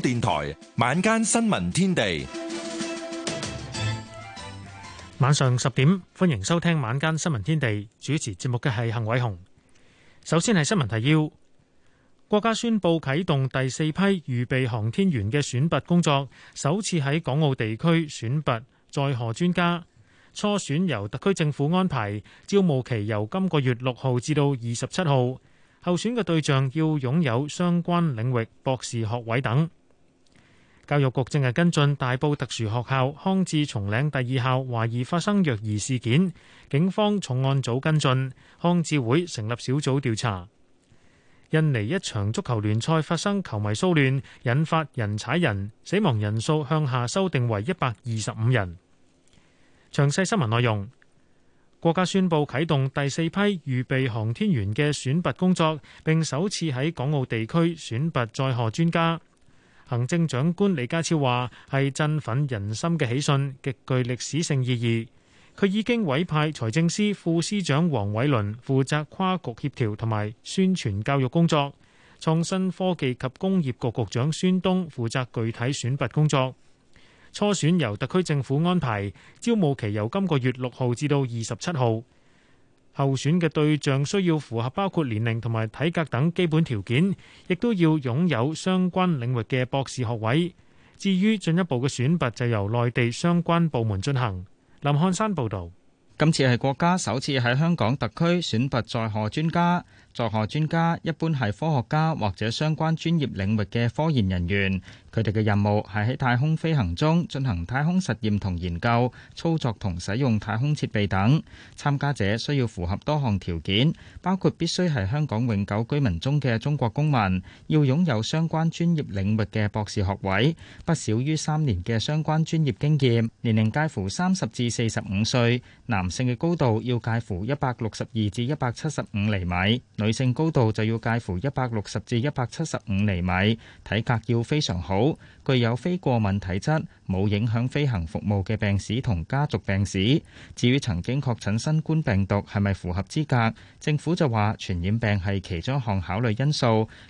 電台晚間新聞天地，晚上十點，歡迎收聽晚間新聞天地。主持節目嘅係幸偉雄。首先係新聞提要：國家宣布啟動第四批預備航天員嘅選拔工作，首次喺港澳地區選拔載荷專家，初選由特區政府安排，招募期由今個月六號至到二十七號。候選嘅對象要擁有相關領域博士學位等。教育局正係跟進大埔特殊學校匡智松嶺第二校懷疑發生虐兒事件，警方重案組跟進，匡智會成立小組調查。印尼一場足球聯賽發生球迷騷亂，引發人踩人，死亡人數向下修訂為一百二十五人。詳細新聞內容，國家宣佈啟動第四批預備航天員嘅選拔工作，並首次喺港澳地區選拔載荷專家。行政長官李家超話：係振奮人心嘅喜訊，極具歷史性意義。佢已經委派財政司副司長黃偉綸負責跨局協調同埋宣傳教育工作，創新科技及工業局局局長孫東負責具體選拔工作。初選由特區政府安排，招募期由今個月六號至到二十七號。候選嘅對象需要符合，包括年齡同埋體格等基本條件，亦都要擁有相關領域嘅博士學位。至於進一步嘅選拔就由內地相關部門進行。林漢山報導。今次係國家首次喺香港特區選拔載荷專家。載荷專家一般係科學家或者相關專業領域嘅科研人員。佢哋嘅任務係喺太空飛行中進行太空實驗同研究、操作同使用太空設備等。參加者需要符合多項條件，包括必須係香港永久居民中嘅中國公民，要擁有相關專業領域嘅博士學位，不少於三年嘅相關專業經驗，年齡介乎三十至四十五歲。男性嘅高度要介乎一百六十二至一百七十五釐米，女性高度就要介乎一百六十至一百七十五釐米，體格要非常好。具有非過敏體質、冇影響飛行服務嘅病史同家族病史。至於曾經確診新冠病毒係咪符合資格，政府就話傳染病係其中一項考慮因素。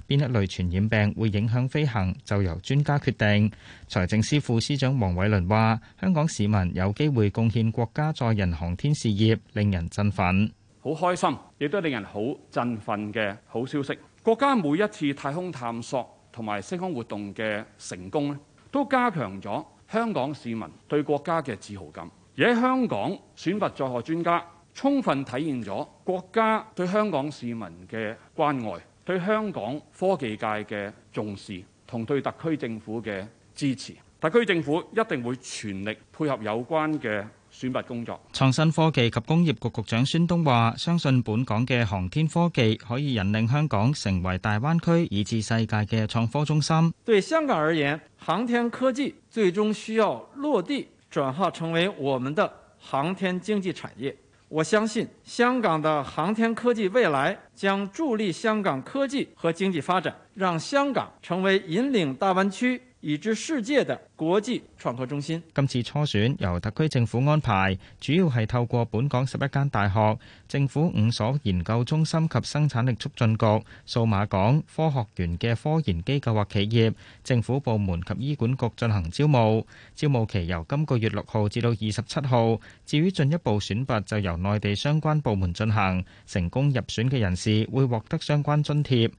邊一類傳染病會影響飛行，就由專家決定。財政司副司長黃偉綸話：香港市民有機會貢獻國家載人航天事業，令人振奮。好開心，亦都係令人好振奮嘅好消息。國家每一次太空探索，同埋升空活動嘅成功咧，都加強咗香港市民對國家嘅自豪感。而喺香港選拔在學專家，充分體現咗國家對香港市民嘅關愛、對香港科技界嘅重視，同對特區政府嘅支持。特區政府一定會全力配合有關嘅。選拔工作，創新科技及工業局局長孫東話：相信本港嘅航天科技可以引領香港成為大灣區以至世界嘅創科中心。對香港而言，航天科技最終需要落地轉化，成為我們的航天經濟產業。我相信香港的航天科技未來將助力香港科技和經濟發展，讓香港成為引領大灣區。以至世界的國際創科中心。今次初選由特區政府安排，主要係透過本港十一間大學、政府五所研究中心及生產力促進局、數碼港、科學園嘅科研機構或企業、政府部門及醫管局進行招募。招募期由今個月六號至到二十七號，至於進一步選拔就由內地相關部門進行。成功入選嘅人士會獲得相關津貼，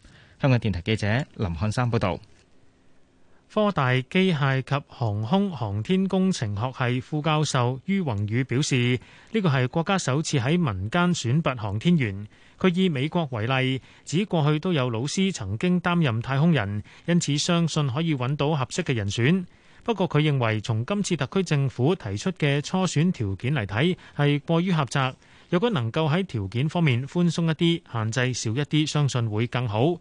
香港電台記者林漢山報道。科大機械及航空航天工程學系副教授于宏宇表示：呢個係國家首次喺民間選拔航天員。佢以美國為例，指過去都有老師曾經擔任太空人，因此相信可以揾到合適嘅人選。不過佢認為，從今次特區政府提出嘅初選條件嚟睇，係過於狹窄。如果能夠喺條件方面寬鬆一啲，限制少一啲，相信會更好。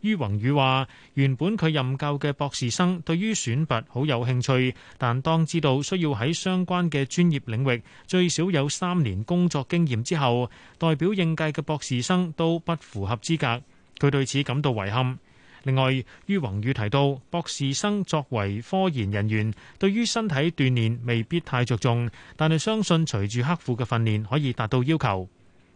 於宏宇話：原本佢任教嘅博士生對於選拔好有興趣，但當知道需要喺相關嘅專業領域最少有三年工作經驗之後，代表應屆嘅博士生都不符合資格，佢對此感到遺憾。另外，於宏宇提到，博士生作為科研人員，對於身體鍛煉未必太着重，但係相信隨住刻苦嘅訓練，可以達到要求。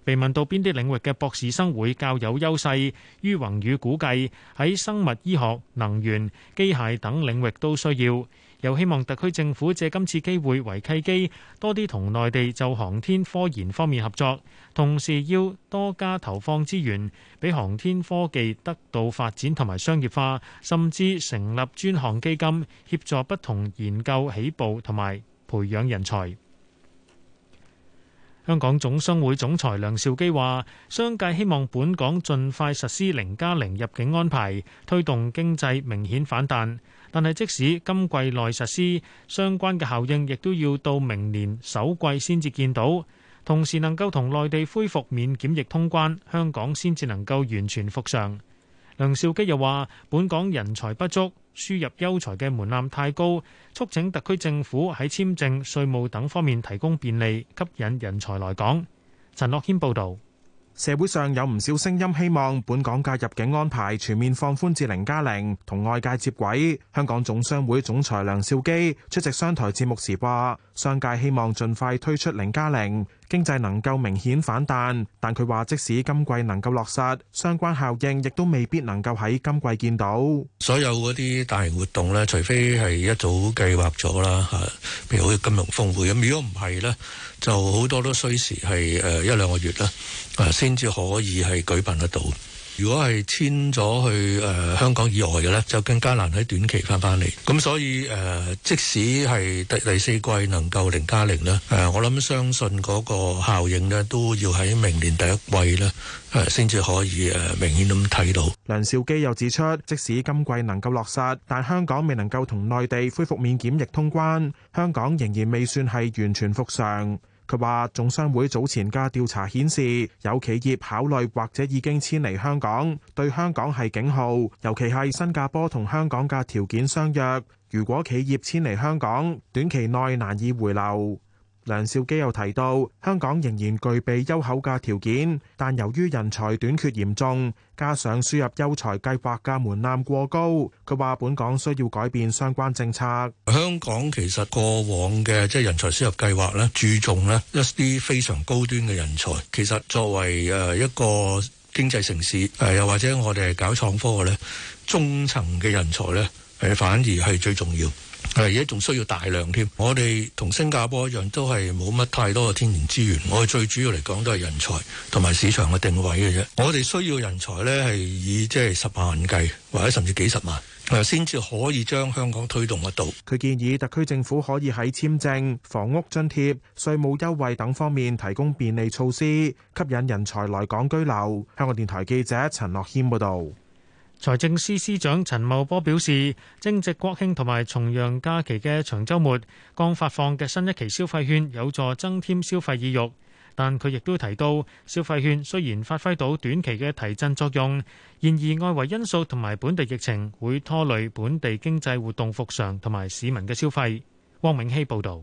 被問到邊啲領域嘅博士生會較有優勢，於宏宇估計，喺生物醫學、能源、機械等領域都需要。又希望特區政府借今次機會為契機，多啲同內地就航天科研方面合作，同時要多加投放資源，畀航天科技得到發展同埋商業化，甚至成立專項基金，協助不同研究起步同埋培養人才。香港總商會總裁梁兆基話：商界希望本港盡快實施零加零入境安排，推動經濟明顯反彈。但係即使今季內實施，相關嘅效應亦都要到明年首季先至見到。同時能夠同內地恢復免檢疫通關，香港先至能夠完全復常。梁兆基又話：本港人才不足。輸入優才嘅門檻太高，促請特區政府喺簽證、稅務等方面提供便利，吸引人才來港。陳樂軒報導，社會上有唔少聲音希望本港嘅入境安排全面放寬至零加零，同外界接軌。香港總商會總裁梁兆基出席商台節目時話：商界希望盡快推出零加零。經濟能夠明顯反彈，但佢話即使今季能夠落實，相關效應亦都未必能夠喺今季見到。所有嗰啲大型活動咧，除非係一早計劃咗啦嚇，譬如好似金融峰會咁。如果唔係咧，就好多都需時係誒一兩個月啦，誒先至可以係舉辦得到。如果係遷咗去誒香港以外嘅咧，就更加難喺短期翻返嚟。咁所以誒，即使係第第四季能夠零加零咧，誒我諗相信嗰個效應咧都要喺明年第一季咧誒先至可以誒明顯咁睇到。梁兆基又指出，即使今季能夠落實，但香港未能夠同內地恢復免檢疫通關，香港仍然未算係完全復常。佢話，總商會早前嘅調查顯示，有企業考慮或者已經遷離香港，對香港係警號，尤其係新加坡同香港嘅條件相若，如果企業遷離香港，短期內難以回流。梁兆基又提到，香港仍然具備優厚嘅條件，但由於人才短缺嚴重，加上輸入優才計劃嘅門檻過高，佢話本港需要改變相關政策。香港其實過往嘅即係人才輸入計劃咧，注重咧一啲非常高端嘅人才。其實作為誒一個經濟城市，誒又或者我哋搞創科嘅咧，中層嘅人才咧係反而係最重要。係而家仲需要大量添，我哋同新加坡一樣，都係冇乜太多嘅天然資源。我哋最主要嚟講都係人才同埋市場嘅定位嘅啫。我哋需要人才呢，係以即係十萬計，或者甚至幾十萬，先至可以將香港推動得到。佢建議特區政府可以喺簽證、房屋津貼、稅務優惠等方面提供便利措施，吸引人才來港居留。香港電台記者陳樂軒報道。財政司司長陳茂波表示，正值國慶同埋重陽假期嘅長週末，剛發放嘅新一期消費券有助增添消費意欲。但佢亦都提到，消費券雖然發揮到短期嘅提振作用，然而外圍因素同埋本地疫情會拖累本地經濟活動復常同埋市民嘅消費。汪永熙報導。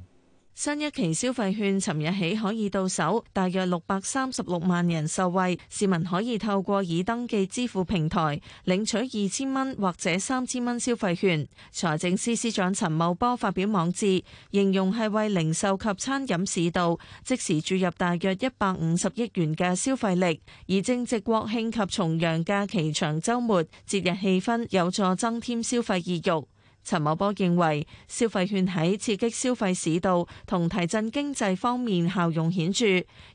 新一期消費券尋日起可以到手，大約六百三十六萬人受惠，市民可以透過已登記支付平台領取二千蚊或者三千蚊消費券。財政司司長陳茂波發表網誌，形容係為零售及餐飲市道即時注入大約一百五十億元嘅消費力，而正值國慶及重陽假期長週末，節日氣氛有助增添消費意欲。陳茂波認為，消費券喺刺激消費市道同提振經濟方面效用顯著。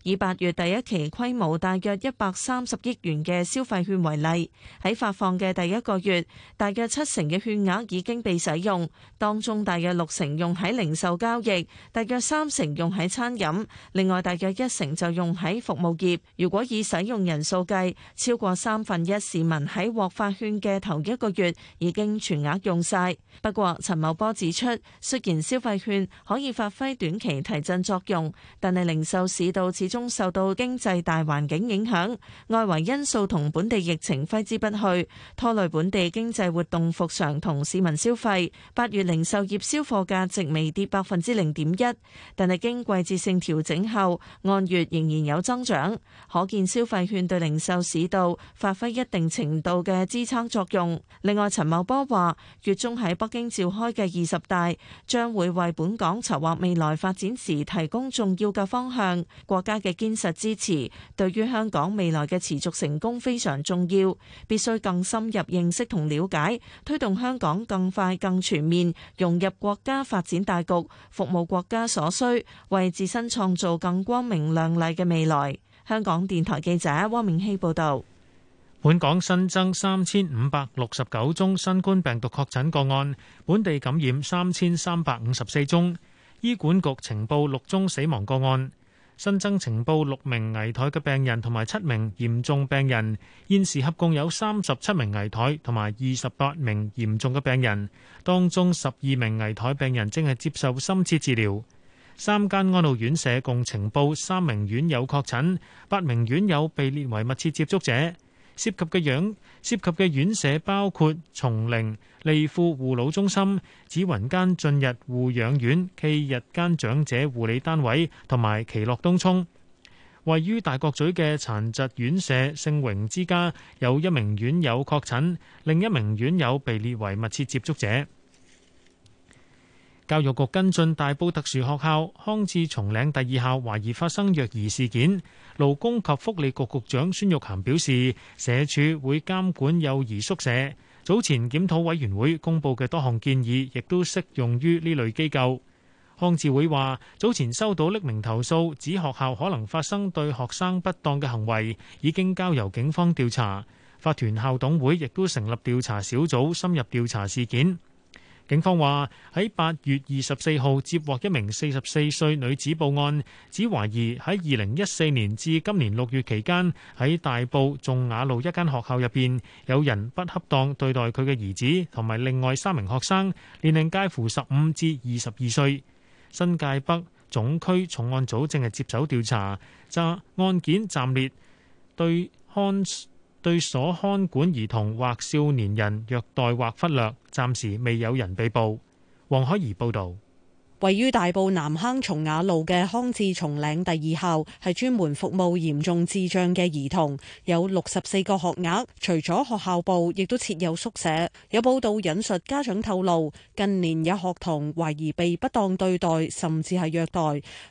以八月第一期規模大約一百三十億元嘅消費券為例，喺發放嘅第一個月，大約七成嘅券額已經被使用，當中大約六成用喺零售交易，大約三成用喺餐飲，另外大約一成就用喺服務業。如果以使用人數計，超過三分一市民喺獲發券嘅頭一個月已經全額用晒。不過，陳茂波指出，雖然消費券可以發揮短期提振作用，但係零售市道始終受到經濟大環境影響，外圍因素同本地疫情揮之不去，拖累本地經濟活動復常同市民消費。八月零售業銷貨價值微跌百分之零點一，但係經季節性調整後，按月仍然有增長，可見消費券對零售市道發揮一定程度嘅支撐作用。另外，陳茂波話：月中喺北京召開嘅二十大將會為本港籌劃未來發展時提供重要嘅方向，國家嘅堅實支持對於香港未來嘅持續成功非常重要，必須更深入認識同了解，推動香港更快更全面融入國家發展大局，服務國家所需，為自身創造更光明亮麗嘅未來。香港電台記者汪明希報道。本港新增三千五百六十九宗新冠病毒確診個案，本地感染三千三百五十四宗。醫管局呈報六宗死亡個案，新增呈報六名危殆嘅病人，同埋七名嚴重病人。現時合共有三十七名危殆同埋二十八名嚴重嘅病人，當中十二名危殆病人正係接受深切治療。三間安老院舍共呈報三名院友確診，八名院友被列為密切接觸者。涉及嘅養涉及嘅院舍包括松齡利富護老中心、紫雲間進入護養院暨日間長者護理單位同埋奇樂東涌，位於大角咀嘅殘疾院舍盛榮之家有一名院友確診，另一名院友被列為密切接觸者。教育局跟進大埔特殊學校康智松嶺第二校懷疑發生虐兒事件，勞工及福利局局長孫玉涵表示，社署會監管幼兒宿舍。早前檢討委員會公布嘅多項建議，亦都適用於呢類機構。康智會話，早前收到匿名投訴，指學校可能發生對學生不當嘅行為，已經交由警方調查。法團校董會亦都成立調查小組，深入調查事件。警方話喺八月二十四號接獲一名四十四歲女子報案，指懷疑喺二零一四年至今年六月期間，喺大埔頌雅路一間學校入邊，有人不恰當對待佢嘅兒子同埋另外三名學生，年齡介乎十五至二十二歲。新界北總區重案組正係接手調查，揸案件暫列對轟，對所看管兒童或少年人虐待或忽略，暫時未有人被捕。黃海怡報導。位於大埔南坑松雅路嘅康智松嶺第二校係專門服務嚴重智障嘅兒童，有六十四個學額。除咗學校部，亦都設有宿舍。有報道引述家長透露，近年有學童懷疑被不當對待，甚至係虐待，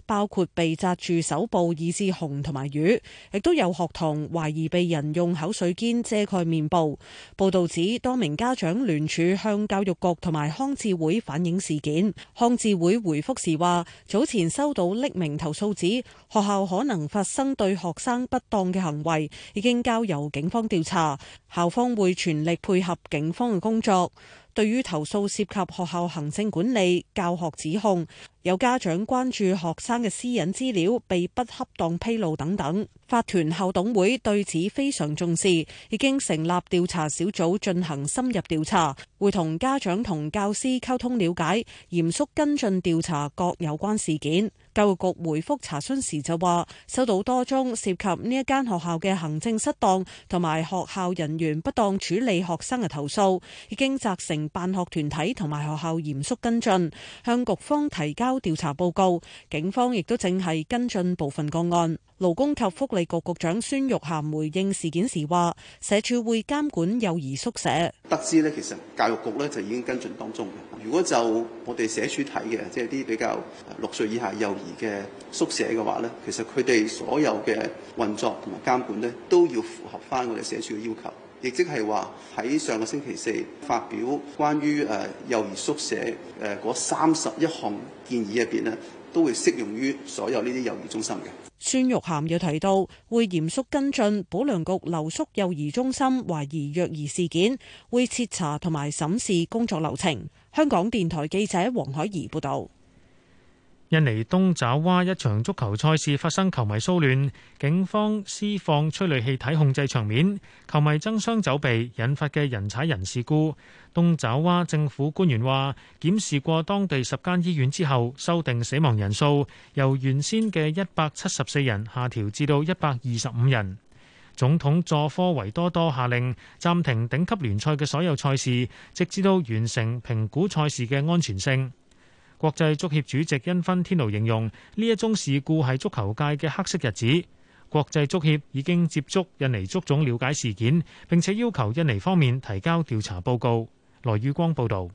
包括被紮住手部以至紅同埋瘀，亦都有學童懷疑被人用口水肩遮蓋面部。報道指多名家長聯署向教育局同埋康智會反映事件，康智會。回覆時話，早前收到匿名投訴指學校可能發生對學生不當嘅行為，已經交由警方調查，校方會全力配合警方嘅工作。對於投訴涉及學校行政管理、教學指控，有家長關注學生嘅私隱資料被不恰當披露等等，法團校董會對此非常重視，已經成立調查小組進行深入調查。會同家長同教師溝通了解，嚴肅跟進調查各有關事件。教育局回覆查詢時就話，收到多宗涉及呢一間學校嘅行政失當同埋學校人員不當處理學生嘅投訴，已經責成辦學團體同埋學校嚴肅跟進，向局方提交調查報告。警方亦都正係跟進部分個案。勞工及福利局局長孫玉菡回應事件時話，社署會監管幼兒宿舍。得知呢其實教育局咧就已經跟進當中嘅。如果就我哋社署睇嘅，即係啲比較六歲以下幼兒嘅宿舍嘅話咧，其實佢哋所有嘅運作同埋監管咧，都要符合返我哋社署嘅要求。亦即係話喺上個星期四發表關於誒、呃、幼兒宿舍誒嗰三十一項建議入邊咧。都會適用於所有呢啲幼兒中心嘅。孫玉菡又提到，會嚴肅跟進保良局留宿幼兒中心懷疑虐兒事件，會徹查同埋審視工作流程。香港電台記者黃海怡報導。印尼東爪哇一場足球賽事發生球迷騷亂，警方施放催淚氣體控制場面，球迷爭相走避，引發嘅人踩人事故。東爪哇政府官員話檢視過當地十間醫院之後修訂死亡人數由原先嘅一百七十四人下調至到一百二十五人。總統佐科維多多下令暫停頂級聯賽嘅所有賽事，直至到完成評估賽事嘅安全性。國際足協主席因芬天奴形容呢一宗事故係足球界嘅黑色日子。國際足協已經接觸印尼足總了解事件，並且要求印尼方面提交調查報告。羅宇光報道，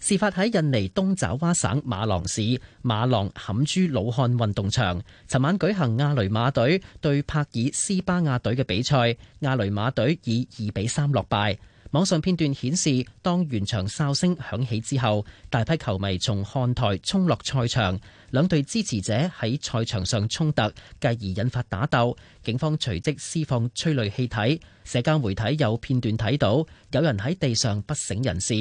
事發喺印尼東爪哇省馬琅市馬琅坎珠老漢運動場，尋晚舉行亞雷馬隊對帕爾斯巴亞隊嘅比賽，亞雷馬隊以二比三落敗。網上片段顯示，當現場哨聲響起之後，大批球迷從看台衝落賽場，兩隊支持者喺賽場上衝突，繼而引發打鬥。警方隨即施放催淚氣體。社交媒體有片段睇到有人喺地上不省人事。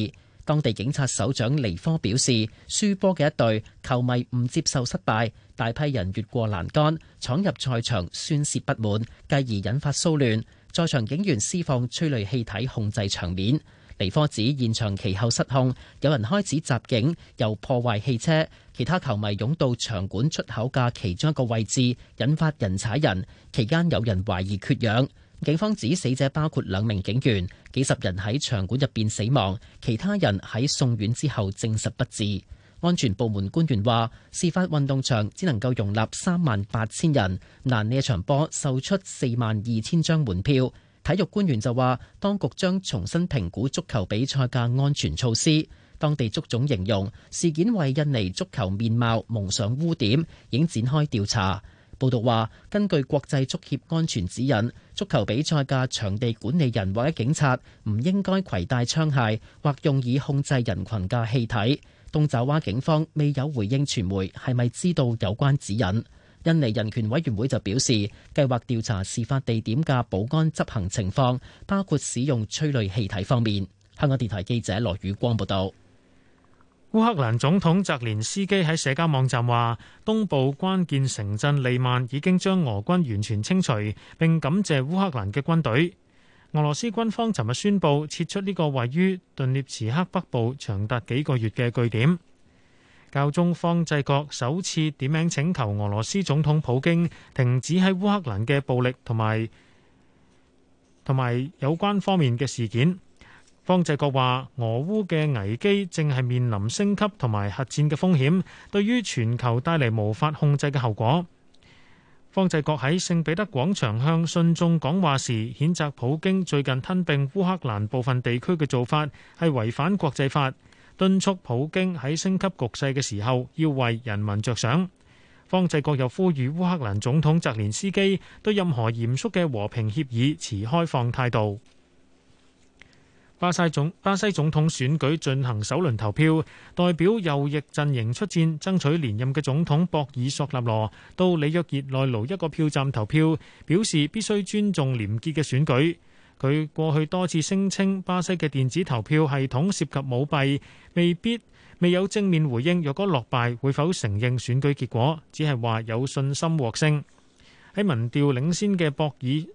當地警察首長尼科表示，輸波嘅一隊球迷唔接受失敗，大批人越過欄杆闖入賽場宣洩不滿，繼而引發騷亂。在場警員施放催淚氣體控制場面，尼科指現場其後失控，有人開始襲警，又破壞汽車，其他球迷湧到場館出口嘅其中一個位置，引發人踩人。期間有人懷疑缺氧，警方指死者包括兩名警員，幾十人喺場館入面死亡，其他人喺送院之後證實不治。安全部門官員話，事發運動場只能夠容納三萬八千人。難呢一場波售出四萬二千張門票。體育官員就話，當局將重新評估足球比賽嘅安全措施。當地足總形容，事件為印尼足球面貌蒙上污點，已經展開調查。報道話，根據國際足協安全指引，足球比賽嘅場地管理人或者警察唔應該攜帶槍械，或用以控制人群嘅氣體。東爪哇警方未有回應傳媒，係咪知道有關指引？印尼人權委員會就表示，計劃調查事發地點嘅保安執行情況，包括使用催淚氣體方面。香港電台記者羅宇光報道。烏克蘭總統澤連斯基喺社交網站話，東部關鍵城鎮利曼已經將俄軍完全清除，並感謝烏克蘭嘅軍隊。俄羅斯軍方尋日宣布撤出呢個位於頓涅茨克北部長達幾個月嘅據點。教宗方濟各首次點名請求俄羅斯總統普京停止喺烏克蘭嘅暴力同埋同埋有關方面嘅事件。方濟各話：俄烏嘅危機正係面臨升級同埋核戰嘅風險，對於全球帶嚟無法控制嘅後果。方濟各喺聖彼得廣場向信眾講話時，譴責普京最近吞併烏克蘭部分地區嘅做法係違反國際法，敦促普京喺升級局勢嘅時候要為人民著想。方濟各又呼籲烏克蘭總統澤連斯基對任何嚴肅嘅和平協議持開放態度。巴西總巴西總統選舉進行首輪投票，代表右翼陣營出戰爭取連任嘅總統博爾索納羅到里約熱內盧一個票站投票，表示必須尊重廉潔嘅選舉。佢過去多次聲稱巴西嘅電子投票系統涉及舞弊，未必未有正面回應。若果落敗，會否承認選舉結果？只係話有信心獲勝。喺民調領先嘅博爾。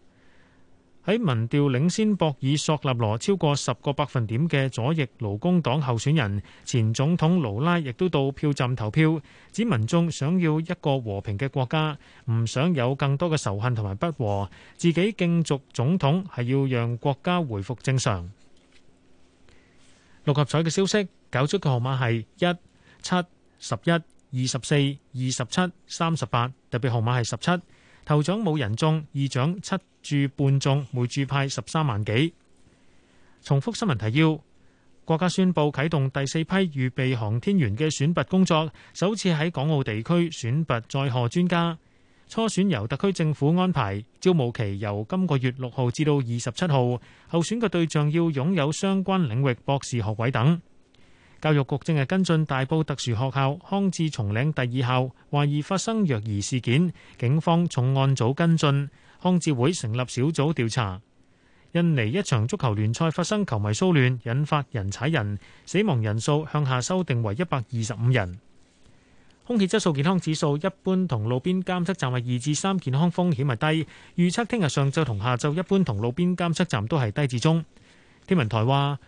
喺民調領先博爾索納羅超過十個百分點嘅左翼勞工黨候選人前總統勞拉亦都到票站投票，指民眾想要一個和平嘅國家，唔想有更多嘅仇恨同埋不和，自己競逐總統係要讓國家回復正常。六合彩嘅消息，攪出嘅號碼係一七十一二十四二十七三十八，特別號碼係十七。頭獎冇人中，二獎七注半中，每注派十三萬幾。重複新聞提要：國家宣佈啟動第四批預備航天員嘅選拔工作，首次喺港澳地區選拔載荷專家。初選由特區政府安排，招募期由今個月六號至到二十七號。候選嘅對象要擁有相關領域博士學位等。教育局正係跟進大埔特殊學校康智松嶺第二校，懷疑發生虐兒事件，警方重案組跟進，康智會成立小組調查。印尼一場足球聯賽發生球迷騷亂，引發人踩人，死亡人數向下修訂為一百二十五人。空氣質素健康指數一般同路邊監測站係二至三，健康風險係低。預測聽日上晝同下晝一般同路邊監測站都係低至中。天文台話。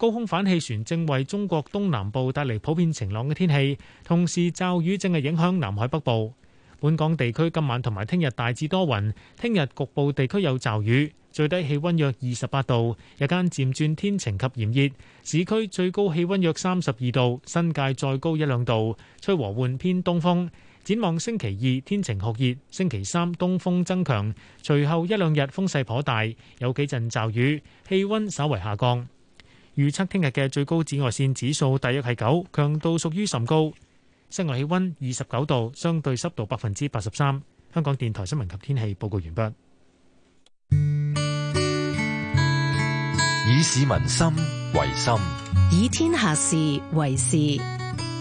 高空反氣旋正為中國東南部帶嚟普遍晴朗嘅天氣，同時驟雨正係影響南海北部。本港地區今晚同埋聽日大致多雲，聽日局部地區有驟雨，最低氣溫約二十八度，日間漸轉天晴及炎熱。市區最高氣溫約三十二度，新界再高一兩度。吹和緩偏東風。展望星期二天晴酷熱，星期三東風增強，隨後一兩日風勢頗大，有幾陣驟雨，氣溫稍為下降。預測聽日嘅最高紫外線指數大約係九，強度屬於甚高。室外氣温二十九度，相對濕度百分之八十三。香港電台新聞及天氣報告完畢。以市民心為心，以天下事為事。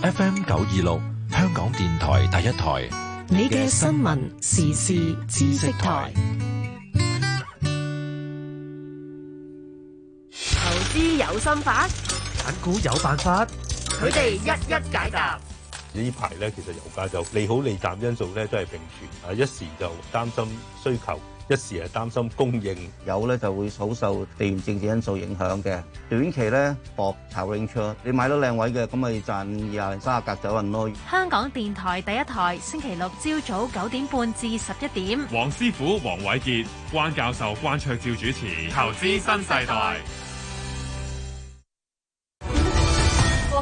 FM 九二六，香港電台第一台，你嘅新聞時事知識台。啲有心法，揀股有辦法，佢哋一一解答。呢排咧，其實油價就利好利淡因素咧都係並存，啊一時就擔心需求，一時係擔心供應，油咧就會好受,受地緣政治因素影響嘅。短期咧博頭輪車，你買到靚位嘅，咁咪賺廿三十格走運咯。香港電台第一台星期六朝早九點半至十一點，黃師傅黃偉杰、關教授關卓照主持《投資新世代》。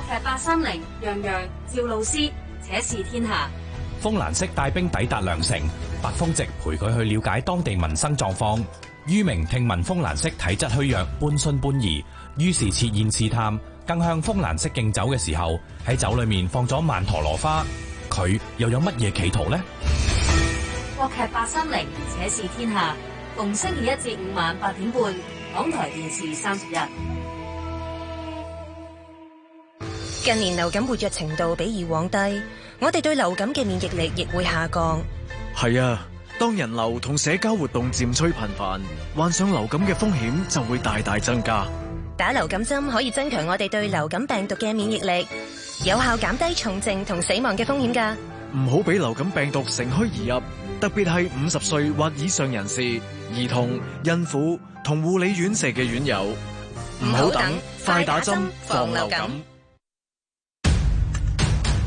劇八三零，楊洋，洋、趙露思，且試天下。風蘭色帶兵抵達梁城，白風直陪佢去了解當地民生狀況。于明聽聞風蘭色體質虛弱，半信半疑，於是設宴試探，更向風蘭色敬酒嘅時候喺酒裏面放咗曼陀羅花。佢又有乜嘢企圖呢？國劇八三零，且試天下，逢星期一至五晚八點半，港台電視三十一。近年流感活躍程度比以往低，我哋對流感嘅免疫力亦會下降。係啊，當人流同社交活動漸趨頻繁，患上流感嘅風險就會大大增加。打流感針可以增強我哋對流感病毒嘅免疫力，有效減低重症同死亡嘅風險噶。唔好俾流感病毒乘虛而入，特別係五十歲或以上人士、兒童、孕婦同護理院舍嘅院友。唔好等，快打針，防流感。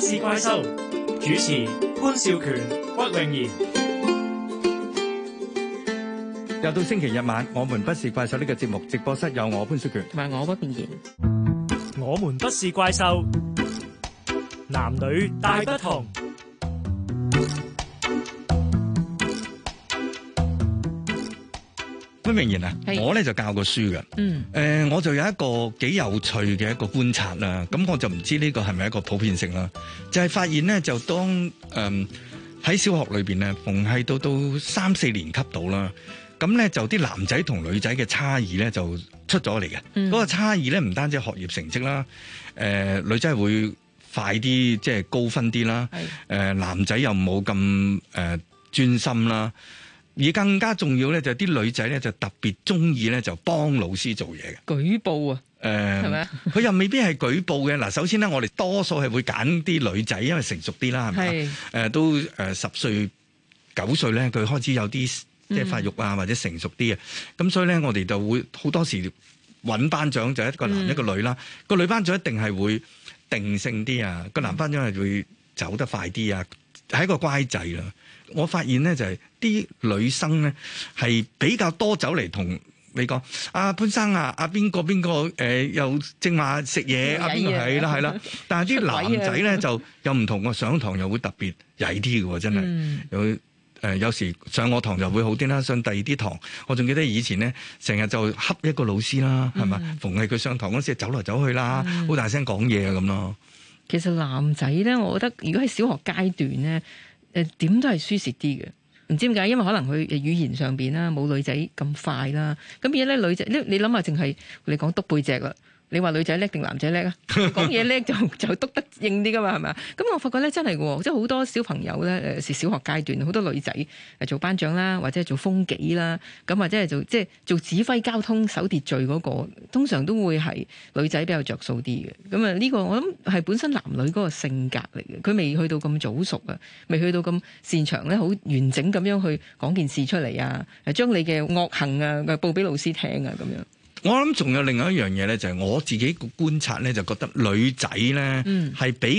不是怪獸，主持潘少權、屈穎妍。又到星期日晚，我們不是怪獸呢個節目直播室有我潘少權，同埋我屈穎妍。我們不是怪獸，男女大不同。明顯啊！是我咧就教過書嘅，誒、嗯呃，我就有一個幾有趣嘅一個觀察啦。咁我就唔知呢個係咪一個普遍性啦，就係、是、發現咧，就當誒喺、呃、小學裏邊咧，逢係到到三四年級到啦，咁咧就啲男仔同女仔嘅差異咧就出咗嚟嘅。嗰、嗯、個差異咧唔單止係學業成績啦，誒、呃、女仔會快啲，即、就、係、是、高分啲啦，誒是、呃、男仔又冇咁誒專心啦。而更加重要咧，就啲女仔咧就特別鍾意咧，就幫老師做嘢嘅。舉報啊？誒、呃，係咪啊？佢 又未必係舉報嘅。嗱，首先咧，我哋多數係會揀啲女仔，因為成熟啲啦，係咪啊？都誒十歲九歲咧，佢開始有啲即係發育啊，或者成熟啲啊。咁、嗯、所以咧，我哋就會好多時揾班長，就一個男一個女啦。嗯、個女班長一定係會定性啲啊，個男班長係會走得快啲啊。係一個乖仔啦！我發現咧就係、是、啲女生咧係比較多走嚟同你講，阿、啊、潘生啊，阿邊個邊個誒又正話食嘢，阿邊個係啦係啦。但係啲男仔咧就又唔同我、啊、上堂又會特別曳啲嘅喎，真係又誒有時上我堂就會好啲啦，上第二啲堂我仲記得以前咧成日就恰一個老師啦，係咪？逢係佢上堂嗰時走嚟走去啦，好大聲講嘢啊咁咯。其實男仔咧，我覺得如果喺小學階段咧，誒、呃、點都係輸蝕啲嘅。唔知點解，因為可能佢語言上邊啦，冇女仔咁快啦。咁變咗咧女仔，你你諗下，淨係你講督背脊啦。你女 話女仔叻定男仔叻啊？講嘢叻就就篤得應啲噶嘛，係咪啊？咁我發覺咧，真係嘅，即係好多小朋友咧，誒小學階段好多女仔誒做班長啦，或者係做風紀啦，咁或者係做即係做指揮交通守秩序嗰個，通常都會係女仔比較着數啲嘅。咁啊，呢個我諗係本身男女嗰個性格嚟嘅，佢未去到咁早熟啊，未去到咁擅長咧，好完整咁樣去講件事出嚟啊，誒將你嘅惡行啊報俾老師聽啊咁樣。我諗仲有另外一樣嘢咧，就係、是、我自己個觀察咧，就覺得女仔咧嗯係比。